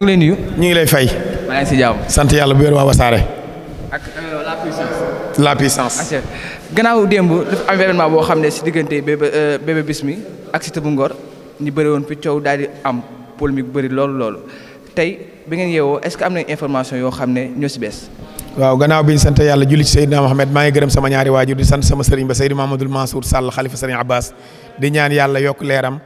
ñu ngi lay ñu ngi lay fay. maa sant yàlla bu wér waa Wassare. ak euh, la puissance. la gannaaw démb dafa am événement boo xam ne si diggante bébé euh, bébé Bismi ak Siteu bu Ngor ñu bari woon fi coow daal di am polémique bu bëri loolu loolu tey bi ngeen yeewoo est-ce que am nañ information yoo xam ne ñoo si bees. waaw gannaaw bi ñu sant yàlla julli ci Seydina Mohamed maa ngi gërëm sama ñaari waajur di sant sama sëriñ ba Seydou Mamadou Mansour Sall xalifa sëriñ Abbas di ñaan yàlla yokk leeram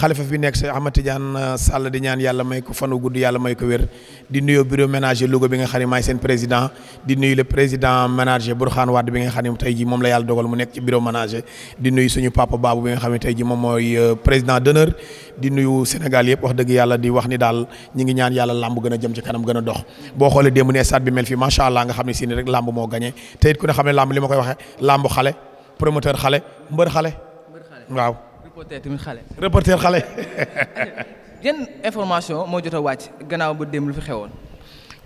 xalifa bi nekk Cheikh Ahmad Tidiane euh, Sall di ñaan yàlla may ko fanu gudd yàlla may ko wér di nuyu bureau ménager Louga bi nga xam ne maay seen président di nuyu le président ménager Bourkhane Wade bi nga xam ne tey ji moom la yàlla dogal nekk ci bureau ménager di nuyu suñu papa Babou bi nga xam ne tey ji moom mooy euh, président d'honneur di nuyu Sénégal yëpp wax dëgg yàlla di wax ni daal ñi ngi ñaan yàlla làmb gën a jëm ci kanam gën a dox boo xoolee démb ne stade bi mel fi macha allah nga xam ne si rek làmb moo gagné te it ku ne xam ne waaw reporter tamit xale. reporter xale. yan information moo jot a wàcc gannaaw ba démb lu fi xewoon.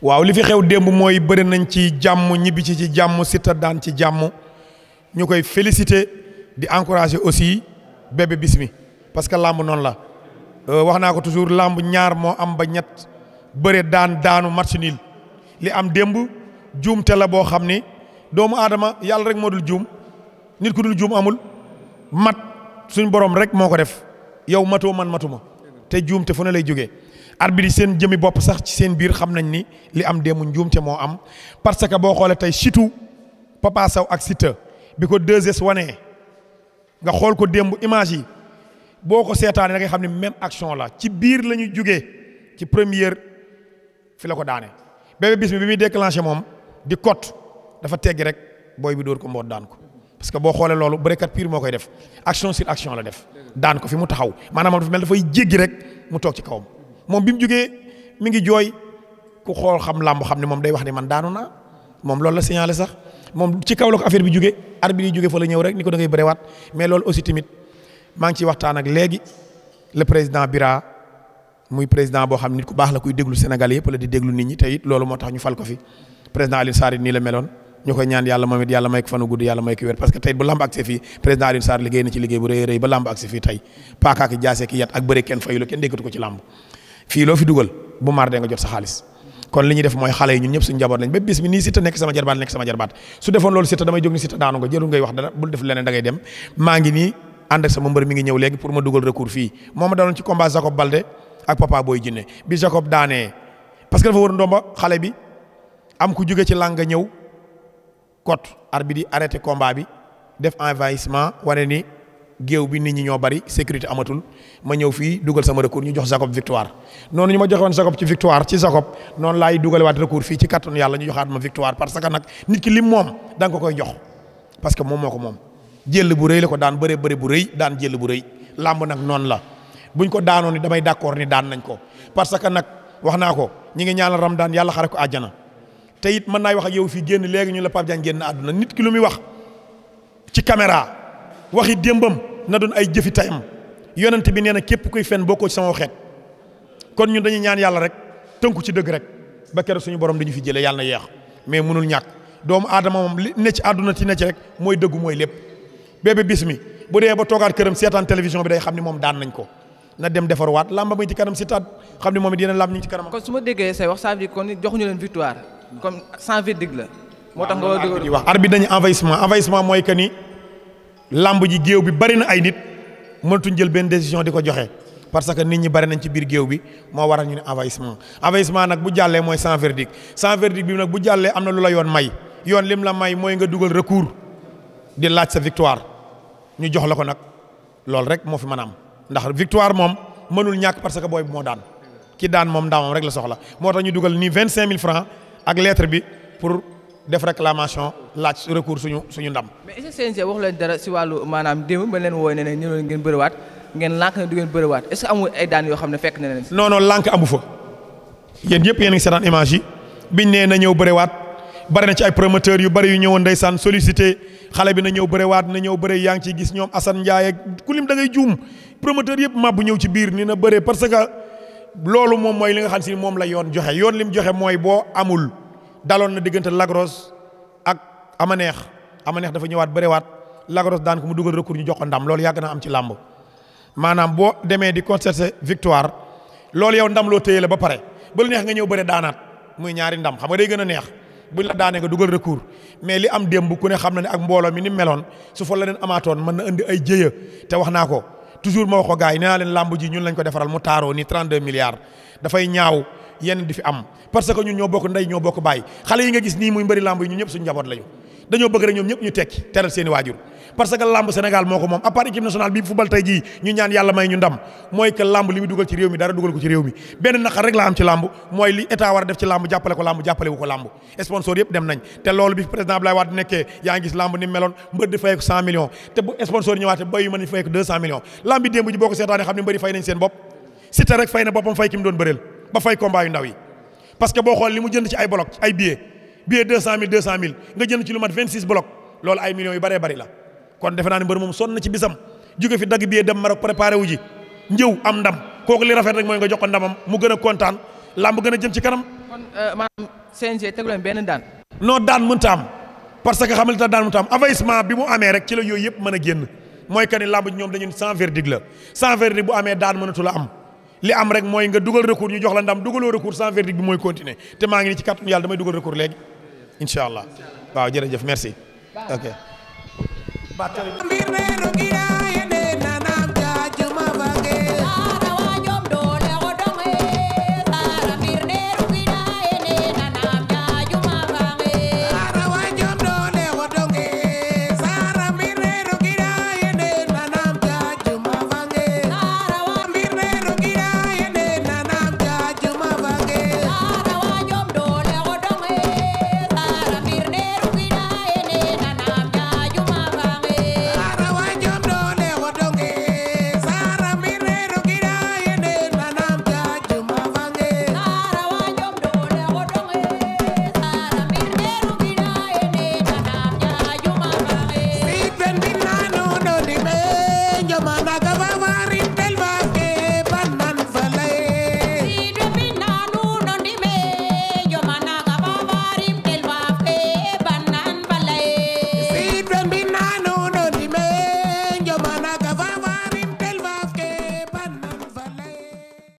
waaw li fi xew démb mooy bëri nañ ci jàmm ñibbi ci ci jàmm Siteu daan ci jàmm ñu koy féliciter di encourager aussi bebe bismi parce que làmb noonu la euh, wax naa ko toujours làmb ñaar moo am ba ñett bëre daan daanu match nul li am démb juumte la boo xam ni doomu aadama yàlla rek moo dul juum nit ku dul juum amul mat suñ borom rek moo ko def yow matoo man matuma te juum te fu ne lay jógee arbitre yi seen jëmi bopp sax ci seen biir xam nañ ni li am déemu njuumte moo am parce que boo xoolee tey surtout Papa Sow ak Siteu bi ko 2S wanee nga xool ko démb image yi boo ko seetaanee da ngay xam ne même action la ci biir la ñu jugee ci première fi la ko daane Bébé Bismi bi muy déclenché moom di cote dafa teggi rek booy bi dóor ko mboot daan ko parce que boo xoolee loolu bërekat pur moo koy def action sur action la def daan ko fi mu taxaw maanaam dafa mel fooy jéggi rek mu toog ci kawam moom bi mu jógee mi ngi jooy ku xool xam làmb xam ne moom day wax ne man daanu naa moom loolu la signalé sax moom ci kaw la ko affaire bi jógee arbitre yi jógee fa la ñëw rek ni ko da ngay waat mais lool aussi tamit maa ngi ciy waxtaan ak léegi le président Bira muy président boo xam nit ku baax la kuy déglu Sénégal yëpp la di déglu nit ñi te loolu moo tax ñu ko fi président Alioune Sarr nii la meloon. ñu koy ñaan yàlla moom it yàlla may ko fanu gudd yàlla may ko wér parce que tey bu lamb ak si président Alioune Sarr liggéey na ci liggéey bu rëy rëy ba lamb ak si tey paaka ak jaase ki yat ak bëre kenn fayu la kenn déggatu ko ci lamb fii loo xaalis kon li ñuy def mooy xale yi ñun ñëpp suñu njaboot lañ ba bis bi nii Siteu nekk sama jarbaat jarbaat su defoon loolu Siteu damay jóg ni Siteu daanu nga jëru ngay wax dara bul def leneen da dem maa ngi nii ànd ak sama mbër mi ngi ñëw léegi pour ma dugal recours fii moo ma daloon ci combat Jacob Balde ak Papa Boy Djiné bi Jacob daanee parce que dafa war ndomba cote arbitre di arrêté combat bi def envahissement wane ni géew bi ni ñi ñoo bari sécurité amatul ma ñëw fii dugal sama recours ñu jox Jacob victoire noonu ñu ma joxe woon Jacob ci victoire ci Jacob noonu laay dugalewaat recours fii ci kattanu yàlla ñu joxaat ma victoire parce que nag nit ki lim moom da ko koy jox parce que moom moo ko moom jël bu rëy la ko daan bëree bëri bu rëy daan jël bu rëy làmb nag noonu la buñ ko daanoon ni damay d'accord ni daan nañ ko parce que nag wax naa ko ñi ngi ñaanal Ramadan yàlla xare ko àjjana te it mën naay wax a yow fii génn léegi ñu la Pape Diagne génn àdduna nit ki lu muy wax ci wax waxi démbam na doon ay jëfi tayam yonent bi nee na képp kuy fen bokkoo ci sama xeet kon ñu dañuy ñaan yàlla rek tënku ci dëgg rek ba keroog suñu borom dañu fi jëlee yàlla na yeex mais mënul ñàkk doomu aadama moom li ne ci àdduna ci ne ci rek mooy dëggu mooy lépp bébé bis mi bu dee ba toogaat këram seetaan télévision bi day xam ne moom daan nañ ko na dem defarwaat lamba muy ci kanam si taat ne moom it yeneen ñu ci su ma déggee say wax ça veut dire joxuñu leen victoire. comme sans verdict la. moo tax nga war a di wax arbitre dañu envahissement envahissement mooy que ni làmb ji géew bi bari na ay nit mënatuñ jël benn décision di ko joxe parce que nit ñi bari nañ ci biir géew bi moo waral ñu ne envahissement envahissement nag bu jàllee mooy sans verdict sans verdict bi nag bu jàllee am na lu la yoon may yoon lim la may mooy nga dugal recours di laaj sa victoire ñu jox la ko nag loolu rek moo fi mën am ndax victoire moom mënul ñàkk parce que booy bi moo daan ki daan moom ndaamam rek la soxla moo tax ñu dugal ni vingt cinq mille ak lettre bi pour def réclamation laaj recours suñu suñu ndam. mais est-ce que CNG wax leen dara si wàllu maanaam démb ba leen wooy ne ne ñëw ngeen waat ngeen lànk ne ngeen bëriwaat est-ce que amul ay daan yoo xam ne fekk na leen non non lànk amu fa yéen yëpp yéen a ngi seetaan image bi nee na ñëw bëriwaat bari na ci ay promoteurs yu bari yu ñëwoon ndeysaan sollicité xale bi na ñëw waat na ñëw bëri yaa ngi ciy gis ñoom Assane Ndiaye ku lim da ngay juum promoteur yëpp màbb ci biir loolu moom mooy li nga xam si moom la yoon joxe yoon lim joxe mooy boo amul daloon na diggante Lagros ak ama neex Amaneex neex dafa ñëwaat bëriwaat Lagros daan ko mu dugal recours ñu jox ndam loolu yàgg naa am ci làmb maanaam boo demee di constater victoire loolu yow ndam loo téye la ba pare bal lu neex nga ñëw bëre daanaat muy ñaari ndam xam nga day gën a neex bu la daanee nga dugal recours mais li am démb ku ne xam na ne ak mbooloo mi ni meloon su fa la leen amaatoon mën na indi ay jéya te wax naa ko. toujours moo wax ko gars yi nee naa leen làmb ji ñun lañ ko defaral mu taaroo ni 32 milliards dafay ñaaw yenn di fi am parce que ñun ñoo bokk ndey ñoo bokk baay xale yi nga gis nii muy bari làmb yi ñun ñëpp suñu njaboot lañu dañoo bëgg rek ñoom ñëpp ñu tekki teral seen i waajur parce que lamb Sénégal moo ko moom à part nationale bi football tey jii ñu ñaan yàlla may ñu ndam mooy que lamb li mu dugal ci réew mi dara dugal ko ci réew mi benn naqar rek la am ci lamb mooy li état war a def ci lamb jàppale ko lamb jàppale ko lamb sponsor yëpp dem nañ te loolu bi président Abdoulaye Wade nekkee yaa ngi gis ni meloon mbër di fay ko 100 millions te bu sponsor yi parce billet deux cent mille deux cent mille nga jënd ci lu mat vingt six bloc loolu ay millions yu bëree bëri la kon defe mbër moom sonn na ci bisam jóge fi dagg billet dem Maroc préparé wu ji njëw am ndam kooku li rafet rek mooy nga jox ko ndamam mu gën a kontaan làmb gën a jëm ci kanam. kon euh, maanaam CNG tegu leen benn daan. non daan mënta am parce que xam nga daan mënta am avancement bi mu amee rek ci la yooyu yëpp mën a génn mooy que ni làmb ñoom dañu sans verdict la sans verdict bu amee daan incha allah waaw jërëjëf merci ok.